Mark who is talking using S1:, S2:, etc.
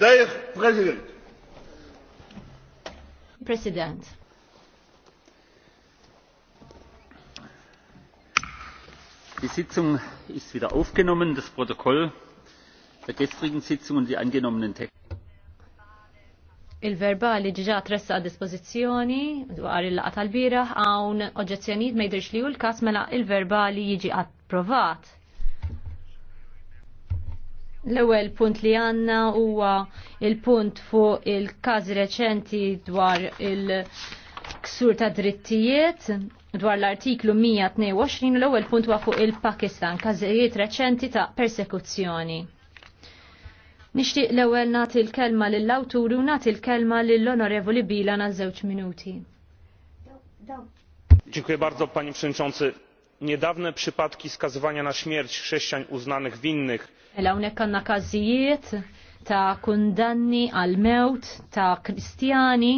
S1: Dajr, President. President.
S2: Die Sitzung ist wieder aufgenommen. Das Protokoll der gestrigen Sitzung und die angenommenen Texte.
S3: Il-verbali ġiġa tressa a dispozizjoni dwar il-laqa tal-biraħ għawn oġezzjoniet ma jidhirx li u l kas mela il-verbali jiġi approvat. L-ewwel punt li għandna huwa il-punt fuq il-każ reċenti dwar il-ksur ta' drittijiet dwar l-artiklu 122 l-ewwel punt huwa fuq il-Pakistan, każijiet reċenti ta' persekuzzjoni. Nixtieq l-ewwel nagħti l-kelma lill-awtur u nagħti l-kelma lill-Onorevoli Bila na' żewġ minuti.
S4: Dziękuję bardzo, panie przewodniczący niedawne przypadki skazywania na śmierć chrześcijan uznanych winnych
S3: mela, ta' kundanni għal mewt ta' kristjani